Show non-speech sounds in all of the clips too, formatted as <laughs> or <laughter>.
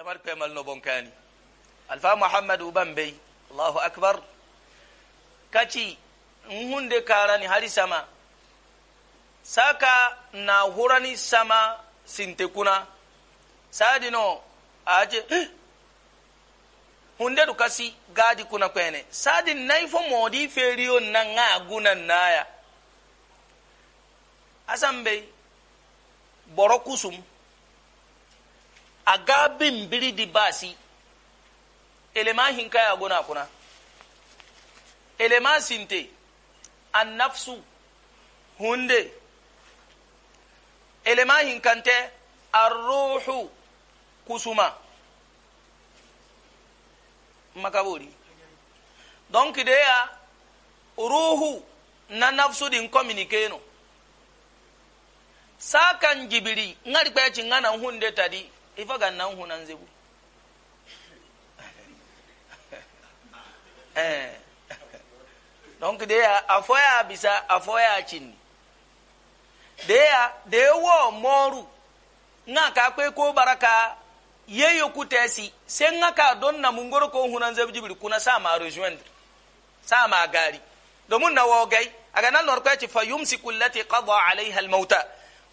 jamar pemal no bonkani alfa muhammadu bambe allahu akbar kaci in hunde karani hari sama saka na hurani sama sinte kuna no aje eh, hunde du kasi gadi kuna kwene sadi naifo modi feriyo na nga guna naya asambe boro kusum aga bin biri di baasi elema hinkaya gona kuna elema sinte annafsu hunde elema hinkante arruhu kusuma makaburi donc deya ruhu na nafsu din communique no sakan jibiri ngari kpeci ngana hunde tadi ifa ga nna nhụ na nzegbu <laughs> eh. donc de ya afọ ya bisa afoya ya chini de ya de wo moru na ka kwe ko baraka ye yokutesi se nga ka don na mungoro ko nan zebu jibri kuna sa ma rejoindre sa ma gari domin na gai aga nan lor kwaci fa yumsiku allati qada alaiha almauta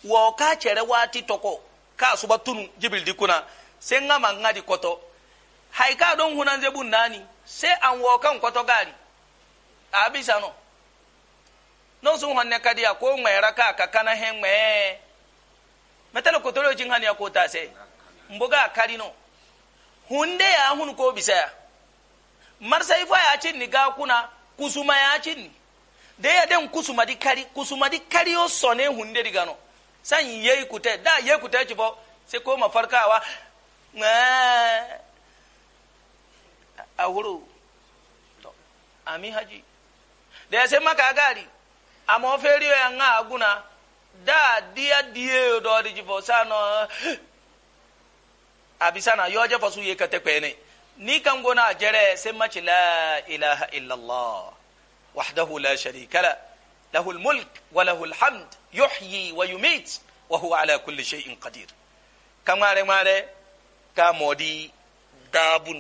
wa ka chere wati toko ka suba tunu jibil di kuna sai nga ma nga di koto hay ka don hunan zebu nani sai an wo kan koto gari abisa no non sun honne kadiya ko ngwera ka ka kana he ngwe metalo kotoro jin hania ko ta sai mboga kari no hunde ya hun ko bisaya marsa ifa ya cin ni ga kuna kusuma ya cin ni de ya den kusuma di kari kusuma di kari o sone hunde diga gano. san yei kute da yei kute ci fo sai ko ma na a huru ami haji da ya sai maka gari amma feri ya nga aguna da dia die do di ci fo sano abisana je fo su ye kate kwene ni kan gona jere sai maci la ilaha illallah wahdahu la sharika la lahu almulk wa lahu alhamd yuhyi wa yumit wa huwa ala kulli shay'in qadir kamare mare ka modi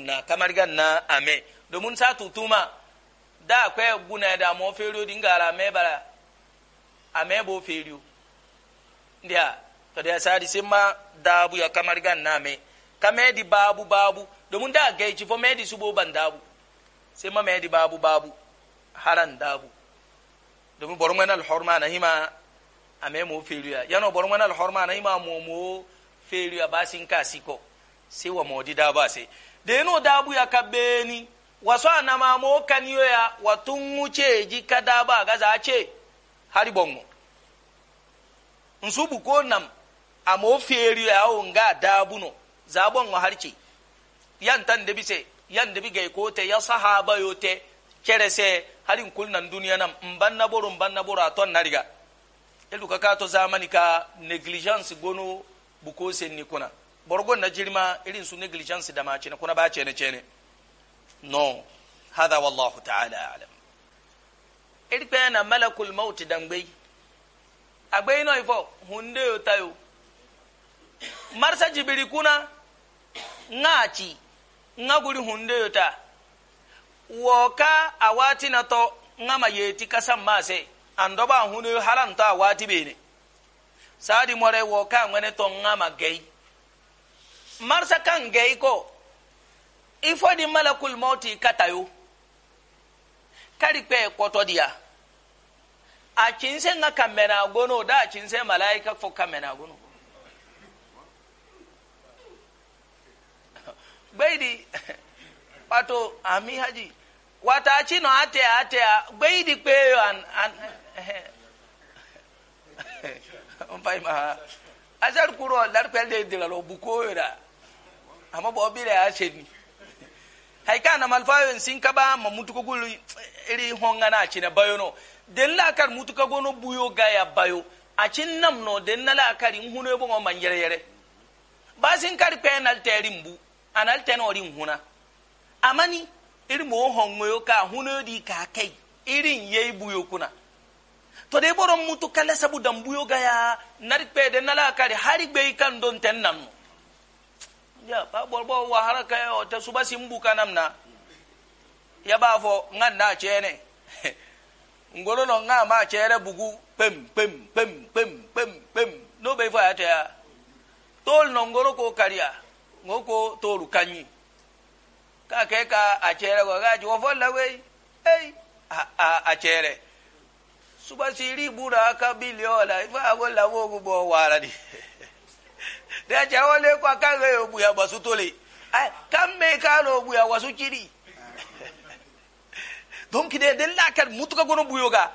na kamar ganna ame domin sa tutuma da akwai guna da mo feriyo din gara ame bara ame bo feriyo ndiya to da sadi simma dabu ya kamar ganna ame di babu babu domin da ci fo medi subo ban daabu. sai ma medi babu babu haran dabu domin borin wani alhorma na hima a ame mo feria yana bor mana alhorma na ima mo mo feria ka siko sai wa modi da ba sai da yano dabu ya kabeni wasu a ma mo kaniyo ya watun wuce ji da ba za ce hari bongo nsubu ko nam a amo feria o nga dabu no zabon hali ce yan tan da bise yan da bigai ko te ya sahaba yo te hali harin kulnan duniya nan mban na boro mban na boro a na riga elu ka to zamani ka negligence gono buko ni kuna borgon na jirma irin su negligence da mace kuna ba ce ne ce ne no hada wallahu ta'ala alam irpe na malakul maut dangbe agbe ino ifo hunde yo tayo marsa jibiri kuna ngachi ngaguri hunde yo ta woka awati na to ngama yeti ma sai ando ba hunu halan ta wati bene sadi more wo ka ngene to ngama gei marsa kan gei ko ifo di malakul mauti katayo kari pe koto dia a cinse nga kamena gono da a cinse malaika fo kamena gono <laughs> gbeidi wato <laughs> ami haji wata cino ate ate gbeidi peyo an, an on eh. fahima <laughs> ha asar kuro lar pelde dilalo bukoyora amma bo bire ya shedni hay kana malfayo sin kaba ma mutuko gulu eh, iri hongana cina bayono den la kar mutuko gono buyo gaya bayo a cin nam no den na la kar in huno bo man yere yere ba sin kar penal terim bu anal tenorin huna amani iri mo hongoyo ka huno di ka kai irin yayi buyo kuna to de boron mutu kala sabu dambuyo gaya narik pe de nala kare hari be kan don ten nan ya ba bor bo wa haraka yo ta suba simbu na ya ba fo ngan na chene <laughs> ngolo no nga ma chere bugu pem pem pem pem pem pem no be fo ate ya tol no ngolo ko kariya ngoko tolu kanyi ka ke ka a chere go ga ji wo fo lawe ei a a a chere suba siri bura kabili ola ifa bola wogu bo wara ni de ja wole kwa kange obu ya wasu tole ai kamme kalo obu ya wasu kiri donc de den la kar mutuka gono buyoga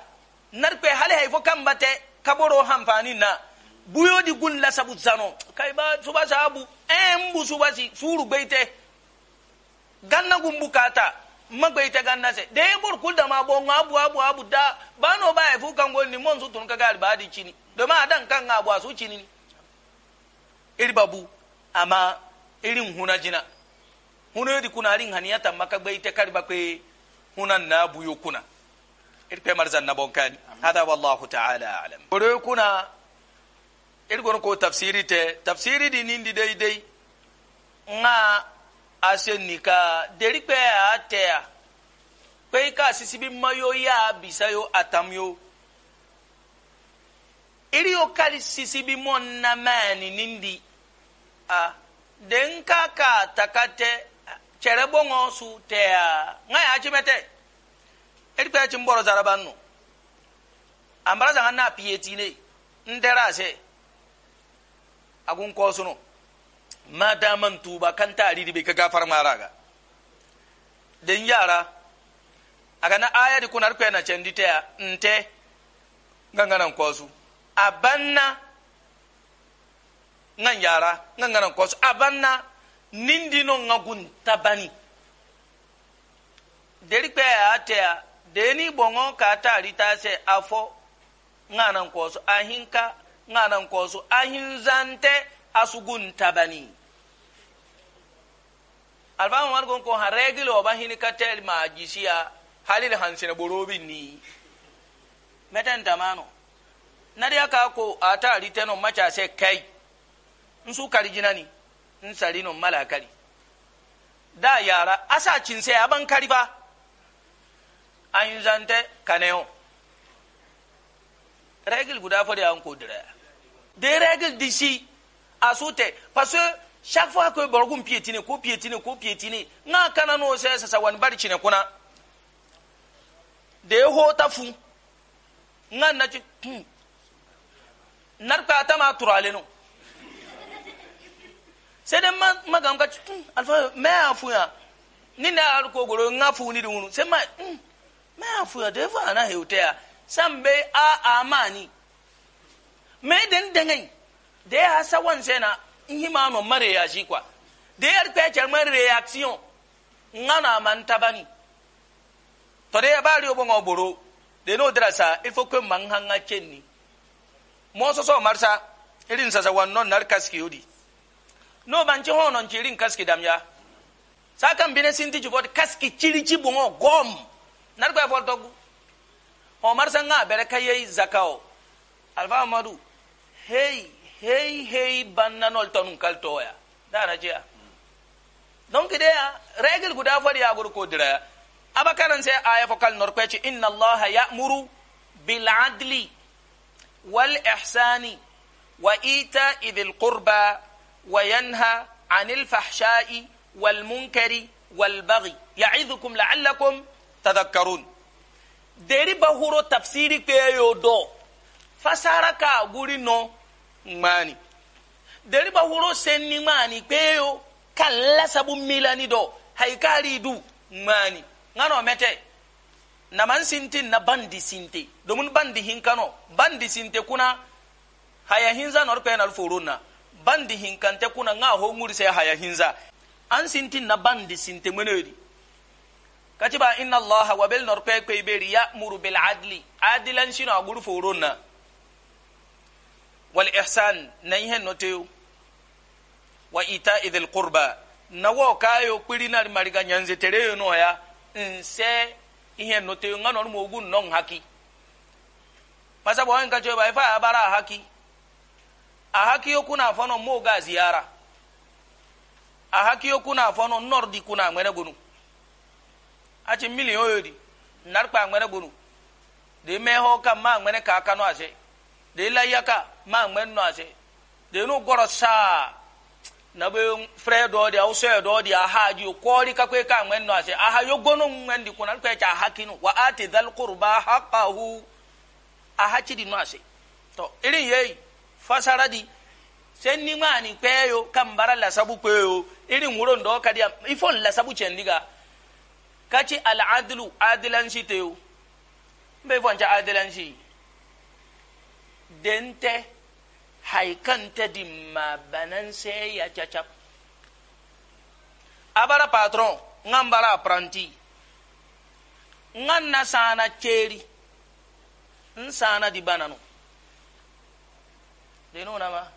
narpe hale hay fo kambate kaboro hampani na buyo di gun la sabu zano kai ba suba sabu en bu suba si suru beite ganna gumbu kata magbe ite ganna se de bor kulda ma bo abu abu abu da bano ba e fu kan gol ni monzu tun ka gal ba di chini do ma dan kan abu asu chini ni iri babu ama iri huna jina huno yadi kuna rin haniyata maka gbe ite kariba kwe huna na buyo kuna iri pe marzan na bonkani hada wallahu ta'ala alam boro kuna iri gon ko tafsiri te tafsiri di nindi dai dai nga ase nika derikpe a tea kpe ka sisi bi mayo ya bisa yo atam yo iri o kali sisi bi mo na mani nindi a den ka ka takate chere bongo su tea nga ya chimete erikpe ya chimboro zarabanu ambara zanga na piyetine ndera se agun suno. ma daman tuba kan tariri bai ka gafar mara ga den yara aga na aya di kunar kwa na di ta ya nte ganganan kwasu abanna nan yara ganganan kwasu abanna nindi no ngagun tabani deri kwa a ta deni bongo ka tari ta se afo nganan kwasu ahinka nganan kwasu ahinzante zante asugun tabani alfaham wani gonko ha haregil ba hini katel ma jisiya halil na borobi ni metan tamano nadi aka ko ata riteno macha se kai nsu kari jinani nsari no mala kari da yara asa cinse aban kari ba ayin zante kaneo regil guda fodi an ko dira de regil disi a sute parce que chaque fois que borgum piétine ko piétine ko piétine nga kana no se sa wan bari chine kuna de ho ta fu nga na ci hmm. nar ka ta ma turale no se de ma ma gam ka hmm. alfa me afu ya ni na al ko goro nga fu ni de dunu se ma hmm. me afu ya de va na he utea sambe a amani me den dengai de ya sa wanse na ihe ma no mare ya ji kwa de ya pe ke mare reaction nga na man tabani to de ya ba ri obo ngoboro de no drasa il e faut que man hanga chenni mo so so marsa irin e sasa wannan nar kaski yodi no ban ci hono ci irin kaski damya sakan bine sinti ci bod kaski cirici bungo gom nar kwa fol togu o marsa nga bere kayi zakao alfa madu hey hey hey bannanol tanum kaltoya dana jeya donc deya règle guda fodi ya yagor ko dira abakan se aya fo kal norkweci inna allaha ya'muru bil adli wal ihsani wa ita idil qurba wa yanha 'anil fahsha'i wal munkari wal baghi ya'idhukum la'allakum tadhakkarun deri bahuro tafsiri kpeyo do fasara ka guri no ŋmaani deriba woro senni ŋmaani kpeyo kan lasabu milani do haikari du ŋmaani ŋano mete naman sinti na bandi sinte domin bandi hinkano bandi sinte kuna haya hinza nor kpeyanal foron na bandi hinkante kuna ŋa ho ŋuri se haya hinza an sinti na bandi sinte ŋmeneri katiba inna allaha wabel nor kpeyekpey beri ya'muru bil adli adilan sino a guri foron na wal ihsan na ihe note wa ita idil qurba na wo kayo kpiri na mariga nyanze tere no ya nse ihe note ngano mu ogun non haki masa bo nka jo ba fa abara haki a haki yo kuna fono mo ga ziyara a haki yo kuna fono nordi kuna ngere gonu achi milion yo di narpa ngere gonu de me ho ma ngere ka aka ase de la yaka ma ŋmɛn nɔ ase de nu gɔrɔ saa na be frɛ dɔ de aw sɛ dɔ de aha ji kɔɔri ka kwe ka ŋmɛn nɔ ase aha yo gɔnɔ ŋmɛn di kuna kwe ka hakinu wa a te dal kurba haqqahu aha ci di nɔ ase tɔ irin yeyi fasara di sen ni ŋmaa ni kpɛɛ yo kan bara lasabu kpɛɛ yo irin wuro dɔ ka di yan ifɔ lasabu cɛn diga ka ci al adilu adilansi te yo n bɛ fɔ n cɛ adilansi. dente haikanta ma banan sai ya cacap abara patron ngan bara apprenti ngan na sana ceri n sana di bananu denunama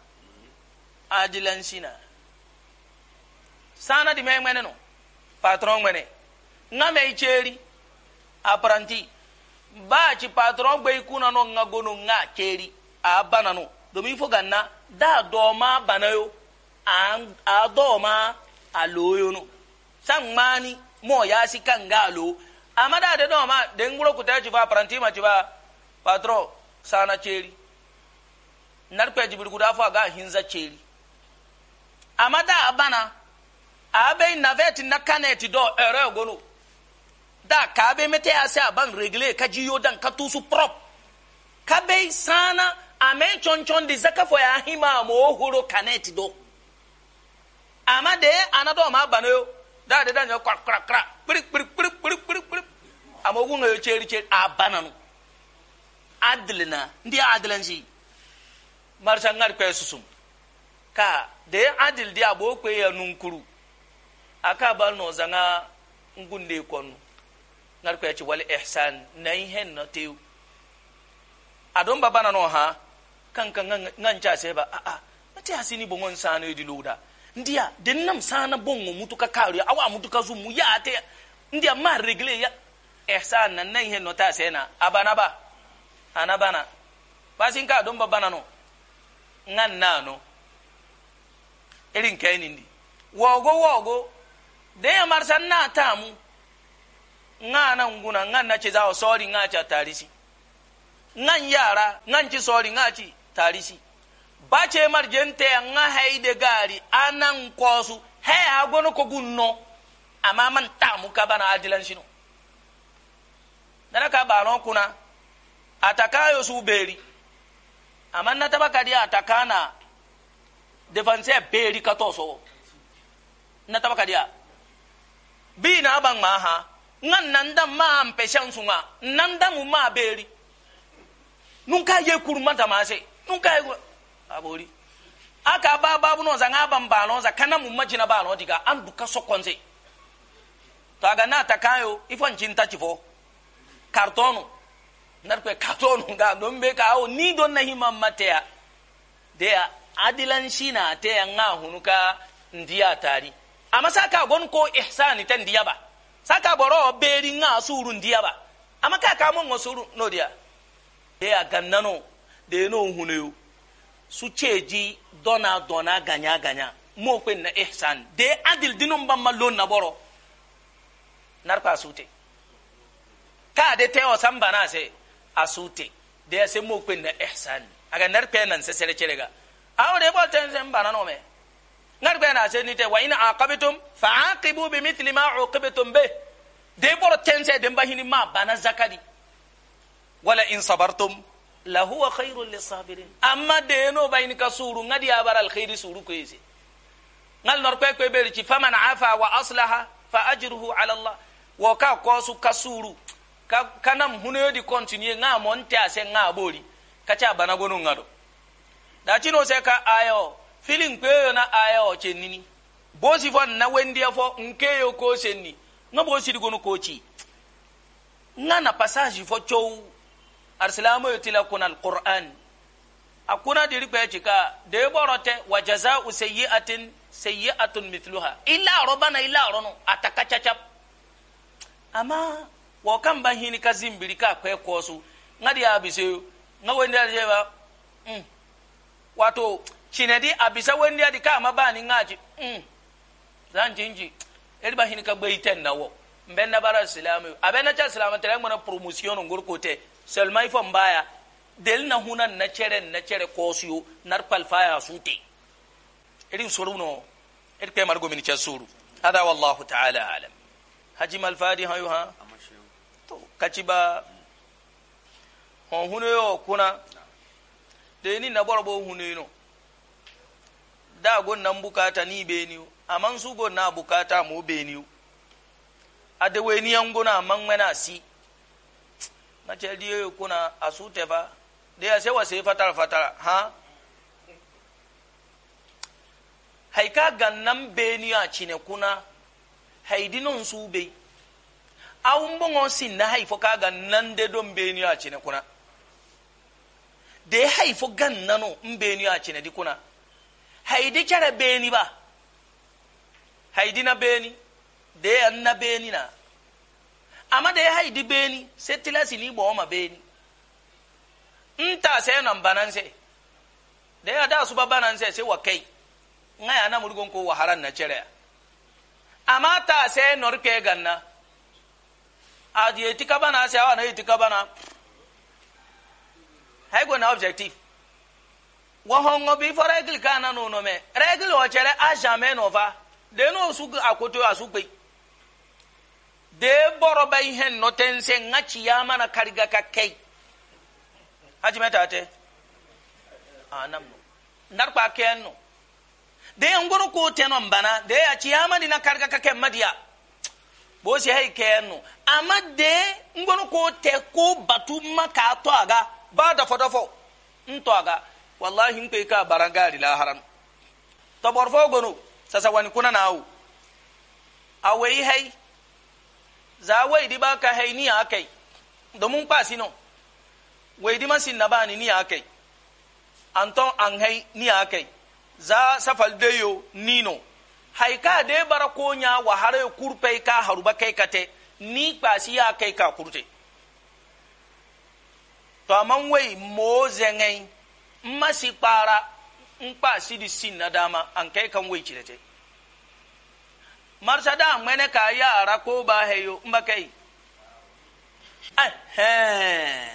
adilansina sana di me ŋmene no patron ŋmene nŋa mei ceri apprenti ba ci patron gbei kuna no ŋa gonu ŋa ceri a bana no domin fo ganna da ma bana yo a doma a loyo no san mani mo ya si kan ga lo amma da da ma den nguro ku ta ci fa paranti ma ci ba patro sana ceri narpe jibir guda fa ga hinza cheri amma da bana a bai na vet na kanet do ere gono da ka bai mete ya sai a ban regle ka yo dan ka tusu prop ka bai sana ama echonchon di zakafo ya hima ma o huro kanet do ama de anado ma bana yo da de da nyo kra kra kra kpiri kpiri kpiri kpiri kpiri kpiri ama ogun yo cheri cheri abana no adlina ndi adlanji marsa ngar kwe susum ka de adil di abo kwe ya nunkuru aka ba no zanga ngunde konu ngar kwe ci wal ihsan na ihe no tew adon babana no ha kanka cha seba ah, ah, a a mate asini bongon sana di luda ndia denam sana bongo mutuka karu awa mutuka zu mu ya te ndia ma regle ya ehsan nan nan he nota sena abana ba bana basin ka don babana no ngan nano irin kai nindi wogo wogo de ya marsan na tamu ngana nguna ngana cheza na ce sorry ngacha tarisi ngan yara ngan ci sorry ngachi ci tarisi ba bace marjente nga haide gari anan kosu he agono ko gunno amma man mu ka bana adilan shino dana ka ron kuna yo su beri amma na dia ataka na defense beri ka so na baka dia bi na ban ma ha ngan nan da ma am su sunga nan dan ma beri nun ka ye kurma sai nunka igwa abori aka ba babu no za ngaba mbalo za kana mu majina balo diga an duka sokonze to ga na takayo ifon cinta cifo kartonu narkwe kartonu ga don be ka o ni don na himan matea de a shina te yan nga hunuka ndiya tari amma ka gon ko ihsani tan diya ba saka boro beri nga suru ndiya ba amma ka ka mon no dia de a n'o. deno huneyo su ceji dona dona ganya ganya mo kwen na ihsan de adil dinum bamma mallon na boro narka sute ka de teo samba na se asute de se mo kwen na ihsan aga narpe nan se sere cerega awre bol ten sen bana no me narpe na sai nite wa ina kabitun fa kibu bi mithli ma uqibtum bih de boro yi se de mbahini ma bana zakadi wala in sabartum la huwa khairul lisabirin amma de no bayin ka suru ngadi ya baral khairi suru ko yese ngal nor pe ko beri ci faman afa wa aslaha fa ajruhu ala allah wa ka ko su kasuru ka kanam huno di continue nga monte ase nga bori cha bana gonu ngado da no se ka ayo filin yo na ayo che nini si fo na wendia fo yo ko no bo si di gonu ko ci nga na passage fo chou arsilamu yutila kuna alquran akuna diri kpe chika de borote wa u jazaa'u sayyi'atin sayyi'atun mithluha illa robana illa rono ataka chachap ama wo kan ban hini ka zin biri ka kɔsu kwe kosu ngadi abise nga wendi aje ba mm. wato a bisa wani adi ka ma ni mabani ngaji mm. zanjinji eri ba hini ka gbeiten na wo mbenna bara silamu na cha silamu tere ngona promotion ngor kote selmai fon baya del na hunan na cere na cere kosiyo nar palfaya sute irin no ir kai margo min casuru hada wallahu ta'ala alam haji malfadi hayu ha to kaciba hon huno yo kuna de ni na borbo huno no da gon nan bukata ni beniyo aman su gon na bukata mo beniyo adewe ni angona man wena si na diyo yi kuna a asuteva de ase wase fatara fatara ha haika gannan beni a cine kuna haidinin su be awun bongon sin na haifo ka gannan de don beni a cine kuna de haifo gannan in beni a cine di kuna haidi kere beni ba haidi na beni da ya na beni na da ya haidi beni sai tilasi ni gbawa beni ta sai nan banan sai da ya da su ba banan sai sai wa kai ya na murgon ko waharan na cere amma ta sai ke ganna a je tika bana sai wa na tika bana hai go na objective wa hongo bi for regle kana no no me regle o cere a jamais no va de no su akoto pe Ah, de borobay hen no ten senga na kariga ka key hajimetate anamno narkpa ken no de ngoro ko tenon mbana de a ciyamani na kariga ka ken madiya bosi hay ken no ama de ngoro ko te ko ma ka tɔ aga ba dafo dafo nto aga wallahi nkpe ka barangari la haram to gono sasa kuna na awo awei hay za waidi ba ka hai niya akai domin kwa sino waidi man sin na ba ni niya akai anton an hai niya akai za safal deyo nino hai ka de bara ko nya wa hare kurpe ka haruba kai kate ni kwasi ya kai ka kurte to amman wai mo zengai masi kpara nkpa sidi sin na dama an kai kan wai cirete marsada da ŋmɛnɛ k'a yara ko b'a heyo yo n ba kɛ yi eh, eh.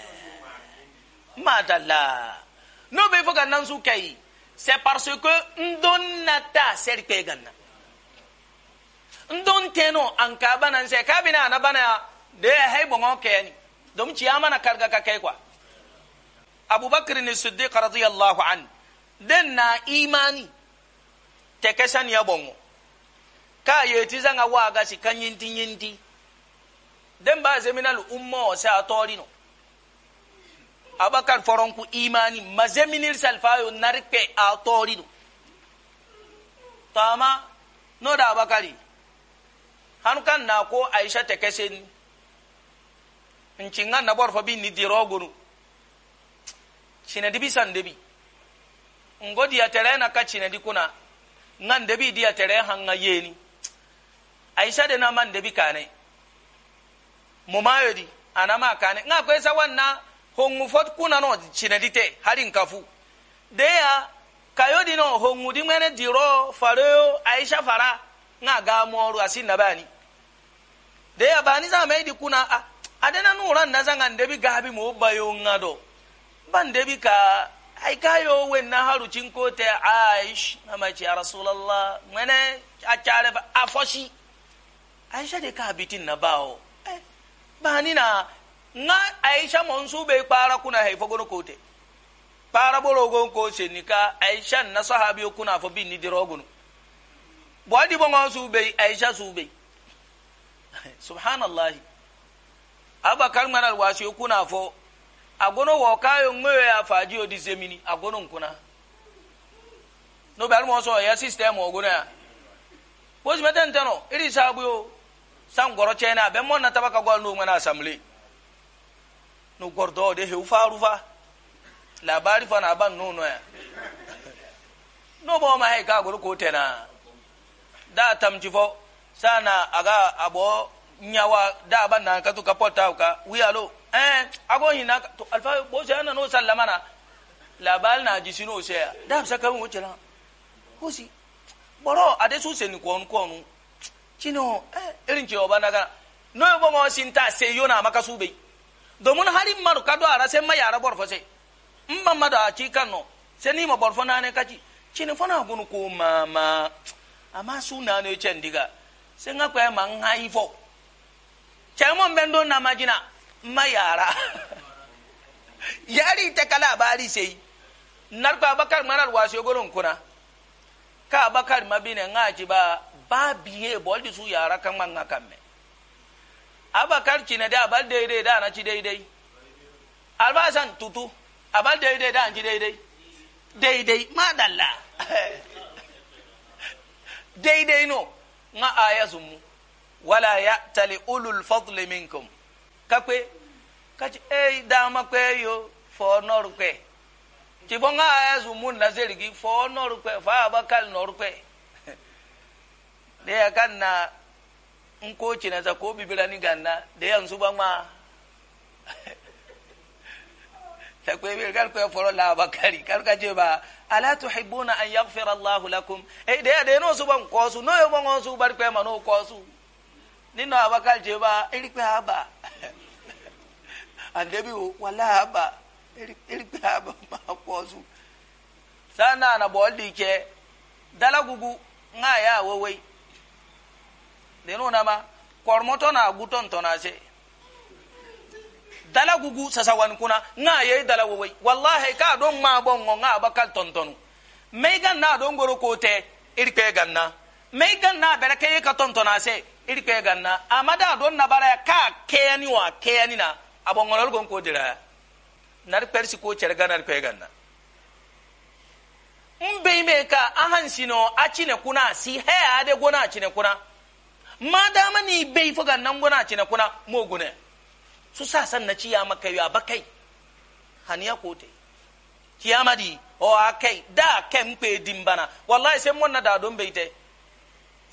n'o bɛ fɔ ka nansu kai c'est parce que ndon nata ser kɛ ganna ndon teno an ka bana se k'a bina ana bana de hay bo ngoke ni mana karga ka kai kwa abubakar ni siddiq radiyallahu an denna na imani te kesan saniya bongo. ka ti zanga waga si ka nyinti nyinti den ba zeminal umma o sa torino abakar foron ku imani mazeminil salfayo narpe a torino tama no da abakari hanukan na ko aisha ta kesen ncinga na fa bin ni dirogunu cine dibi san debi ngodi ya tere na ka cine kuna ngan debi tere hanga yeni aisha de na man debi kane mo mayodi anama kane nga ko esa wanna hongu fot kuna no chinedite harin kafu deya kayodi no hongu di mene diro fareo aisha fara nga ga moru asin na bani deya bani za mai di kuna a adena nura na zanga ndebi gabi mo bayo ngado ban debi ka ai kayo na haru cinko te aish na mace ya rasulullah mene a kyare a foshi aisha de ka bitin na bawo eh bani na nga aisha monsu be para kuna haifo gono kote para boro gon ko senika aisha na sahabi kuna fo bin ni dirogun bwadi bo ngon su be aisha su be <laughs> subhanallah abakar maral wasi kuna fo agono wo kayo ngwe ya faji odi zemini agono nkuna no be almo so ya system ogono ya Pozi metentano, iri sabu yo, san goro chena be mon na tabaka gol no ngana assembly no gordo de he ufaru fa labari fa na ban no ya no bo ma he ka goro ko tena da tamji fo sana aga abo nyawa da ban na ka to kapota ka wialo eh ago hina to alfa bo jana no sallamana labal na jisino se da ka mu chela hosi boro ade su se ni kwonu kwonu cino eh irin cewa bana gana no yo ma sinta se yo na maka sube domin hari maru kado ara sai ma yara borfo sai in ban mada a ci kan no sai ni ma borfo na ne kaci cini fana gunu ko mama amma suna ne cen diga sai nga kwa ma ngai fo cemo mbendo na majina ma yara <laughs> yari ta kala bari sai narko abakar manar wasu yogoron kuna ka abakar mabine ngaci ba ba biye boldi su yara kan man ga kamme abakar cine da abal daidai da na ci daidai albasan tutu abal daidai da an ci daidai daidai madalla <laughs> daidai no nga aya zumu wala ya tali ulul fadli minkum kakwe kaci eh dama kwe yo for nor kwe ci bonga aya zumu na zerigi for nor kwe fa abakal nor kwe da ya kan na in na cinasa ko bibirani ganna da yanzu ba ma ta kwe bi kar kwe foro la bakari kar ka je ba ala tuhibbuna an yaghfira allah lakum e de de no su ban ko su no yo ban su bar kwe ma no ko su nínú abakar je ba iri kwe aba <laughs> andebi wala aba iri kwe aba ma ko su sana na boldi ke dalagugu nga ya wowei denunama kormoto na guton tonase dala gugu sasawan kuna nga ye dala wowai wallahi ka don ma bongo nga bakal tontonu mai ganna don goro kote irke ganna mai ganna berake ka tontonase irke ganna amada don na bara ka keyani wa keyani na abongolol gon ko dira nar persi ko cerga nar pe ganna me ka ahansino achine kuna si he ade gona achine kuna ma dama ni bai fuga nan gona ci na kuna mogune su sa san na ciya maka ya bakai haniya kote ciyama di o akai da di pe dimbana wallahi sai mun na da don bai te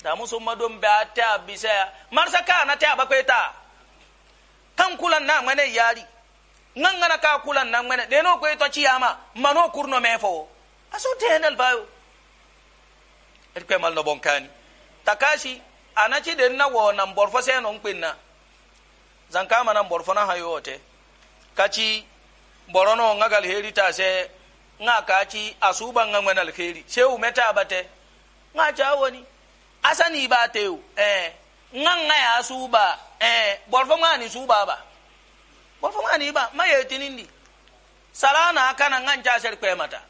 da musu ma don ba ta bisa marsa ka na ta bakai ta kan kulan na mane yari ngangana ka kulan na mane de no ko to ciyama mano kurno mefo aso tenal bayo erkwe mal no bonkani takashi anachi de na wo na mborfo se no nkpenna zanka ma na mborfo na hayote kachi borono ngagal heri ta se nga kachi asuba nga ngwana alheri se umeta abate nga woni asani ba teu eh nga nga ya asuba eh borfo nga ni suba ba borfo nga ni ba maye tinindi na kana nga ncha ser kwemata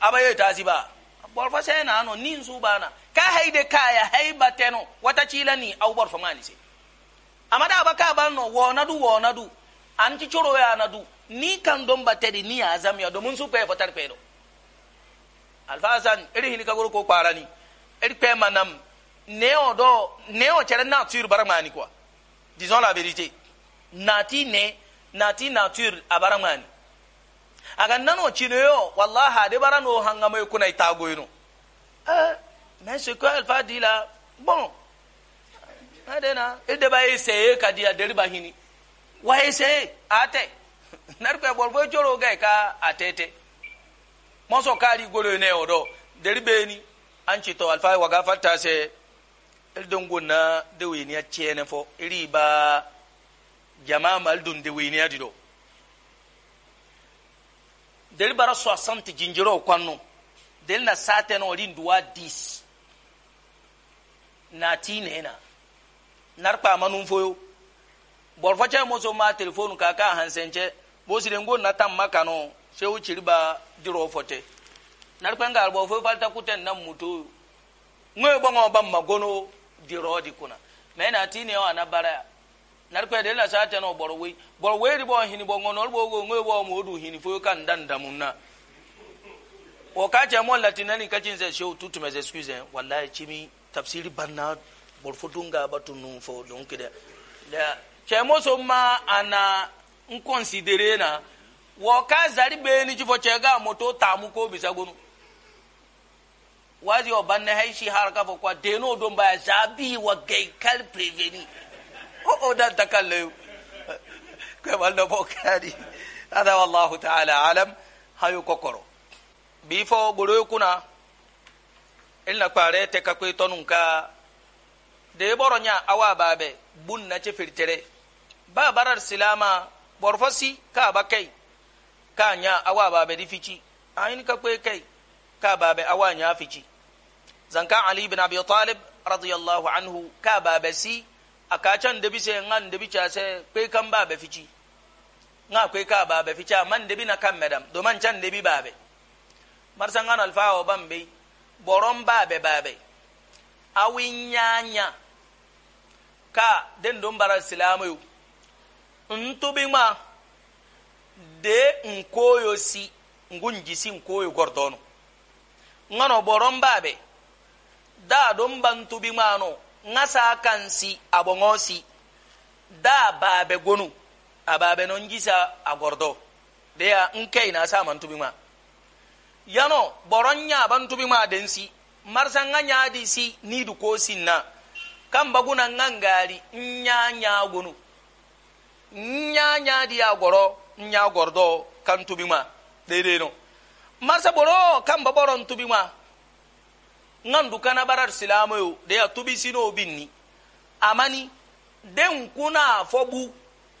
abaye ta taziba borfo se na no nin su bana ka haide kaya haiba teno wata cila ni au borfo mani se amada abaka banno wona du wona du an ci coro ya na du ni kan don bateri ni azam ya domin su pe fotar pedo alfasan iri hini ka ko kwara ni iri pe manam ne o do ne o chere na tur baramani kwa disons la vérité nati ne nati nature abaramani aga nano cineyo wallahi ade bara no hangamay kuna itagoyno eh mais c'est quoi elle va dire là bon adena il deba essayer kadi deri b'a hini wa essayer ate <laughs> narko e bolfo joro gay ka atete moso kali golo ne odo an anci to alfa waga fatta se il dongona de wini ya chene fo iriba jama mal dun de wini ya dido deli bara 60 jinjiraw kwanno deli na satena ori duwa 10 nati na narpa manun foyo borfo ce moso ma telefonu ka ka hansence bosire ngo na tam makano se o chiriba diro fote narpa nga albo foyo falta kuten na mutu ngoy bongo bamma gono diro di kuna mena tine wa na ya. nar kwede la sata no borowe borowe bor ri bo hini bo ngono bo go ngwe bo mo du hini fo ka ndanda munna o ka ce mo latina ni kacin ze show tutu mes excuse wallahi chimi tafsiri banna bor fo dunga batunu fo don kide la che mo so ma ana un considere na wo ka zari be ni ji fo che ga mo to ta mu ko bisa gonu wazi o banna hay shi har ka fo kwa deno don ba zabi wa gay kal preveni o oh, oh, da takalleu koye walɗo bo kadi hada wallahu taala alam hayu kokoro ɓi fo ɓoroyo kuna te tonun ka de awa ce firtere ba barar silama ɓor ka ba kei ka awa di fici ayin ka awa fici zanka ali bin abi talib anhu ka a akacha ndebi se nga ndebi ca se kwe kan ba be fici nga kwe ka ba be fici man ndebi na kan madam do man chan ndebi ba be marsan nga alfa o bambe boron ba be ba be awinyanya ka den don bara silamu yo ntubi ma de nkoyo si ngunjisi nkoyo gordono ngano boron ba be da don ban tubi ma no ngasa kansi abongosi da babe gonu ababe non gisa agordo daya nkei na sa mantubi ma yano boron nya bantubi ma densi marsan nga nya si ni du ko na kan baguna ngangari nya nya gonu nya nya di agoro nya gordo kan tubi ma dede no marsa boro kan baboron tubi ma ngan dukana barar silamo yo de ya tubi sino binni amani den kuna fobu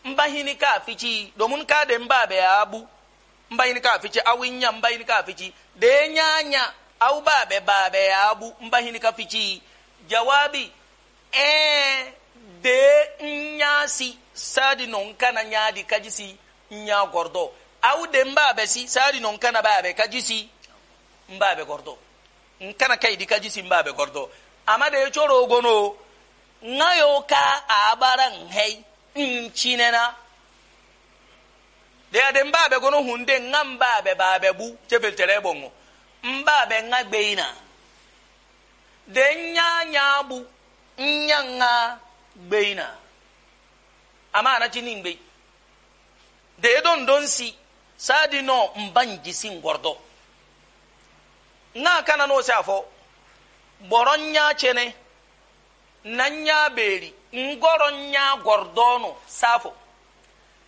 mbahini ka fici domin ka de mbabe ya abu mbahini ka fici awinya mbahini ka fici de nyanya au babe babe ya abu mbahini ka fici jawabi eh de nyasi sadi non kana nyadi kajisi nya gordo au de mbabe si sadi non kana ba babe kajisi mbabe gordo nkana kai di kaji simba be korto amma da ya coro gono ngayo ka a baran hai in cinena da ya de mba be gono hunde ngam ba be ba be bu tebel tere bongo mba be nga gbeina de nya nya bu nya nga gbeina amma na cinin gbe de ya don don si sadi no mban jisin gordo nga kanano si a fo boron ya cene nan ya beri ngoron ya gordono safo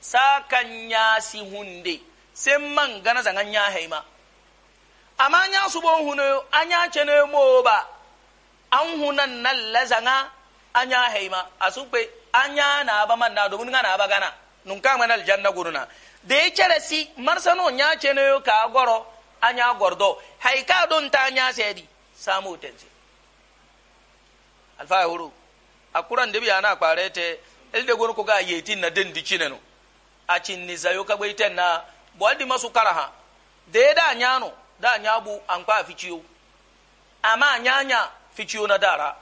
sa kan ya si hunde sen man gana zangan ya haima amma nya su bon hunu an ya cene mo ba an hunan nan lazanga an ya haima a su pe an ya na ba man na dubun gana ba gana nun kan manal janna guruna de chere si marsano nya cene yo ka goro anya gordo hay ka don ta anya sedi samu tenzi alfa huru akuran na biyana kparete elde gon ko ga yetin na den a cin ni zayo ka gwaiten na boldi masu karaha de da anya no da anya bu an kwa ficiyo amma anya anya ficiyo na dara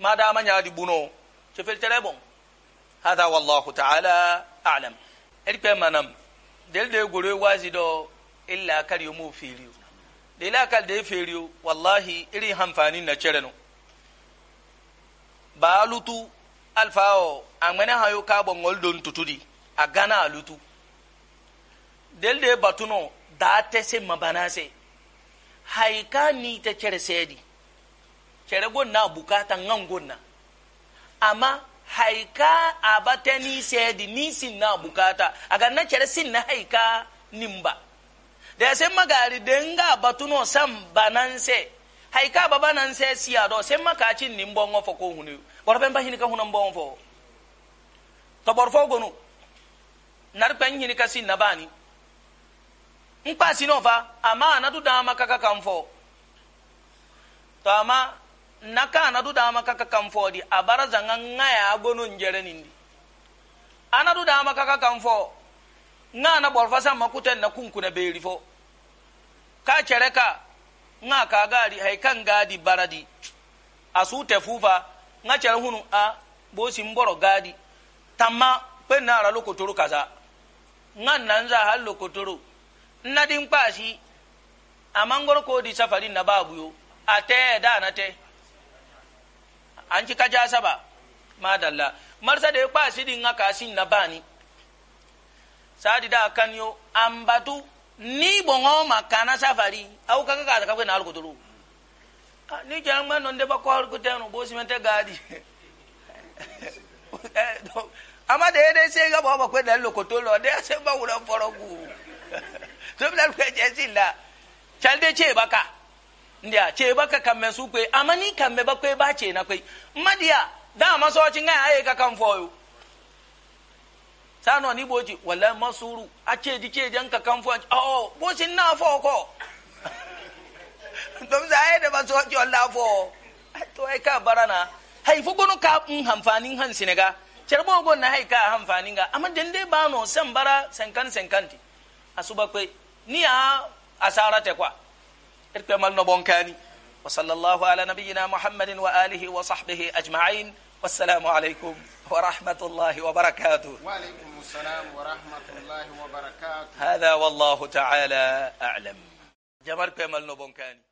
ma da manya di buno ce filtere hada wallahu ta'ala a'lam irpe manam del de gure wazi do illa kar yo mo feriyo da ila kar da feriyo wallahi irin hanfani na cire no ba lutu alfawo mene hayo ka bo ngol don tutudi a lutu del de batuno da mabana mabanase haika ni ta cire sedi cere gonna bukata ngan gonna amma haika ni sedi ni sin na bukata a na cire sin na haika nimba da sen magari denga batuno sam bananse hay ka baba nan se siya do sen maka cin nin bongo fo ko hunu bor ben ba hinika hunan bongo fo to bor fo gonu nar ben hinika sin na bani in pa sino fa amma na du da maka ka kan fo to amma na ka na du da maka ka kan fo di abara zanga ngaya gonu njere nindi ana du da maka ka nga na bor fa sam makuten na kunkuna beri fo ka kere ka nga ka gadi hay kan gadi baradi asu te fufa nga kere hunu a bo si mboro gadi tamma pe na ara lokotoro kaza nga nan za hal lokotoro na din kpasi amangoro ko di safari na babu yo ate da na te an ci ja saba madalla marsa de ya din nga sin na bani sadi da kan yo ambatu ni ma kana safari au kaka kada kabwe na alukutulu ni jangma non de bako alukutenu bosi mente gadi ama de de se ga baba kwe da lokotolo de se ba wura forogu to bi dalu je sila chalde che baka ndia che baka kamme su kwe amani kamme ba kwe ba che na kwe madia da maso chinga aye kakan o. sanu ni boji wala masuru ace dike janka kanfu ace bo sin na fo ko dom sai da ba so ki wala fo to ai ka barana hai fu gonu ka in hamfanin han sinega cerbo gon na hai ka hamfanin ga amma dan dai ba no san bara sankan sankanti asuba kwe ni a asara te kwa irpe mal no bonkani wa sallallahu ala nabiyyina muhammadin wa alihi wa sahbihi ajma'in والسلام عليكم ورحمة الله وبركاته وعليكم السلام ورحمة الله وبركاته هذا والله تعالى أعلم جمركم النبون كاني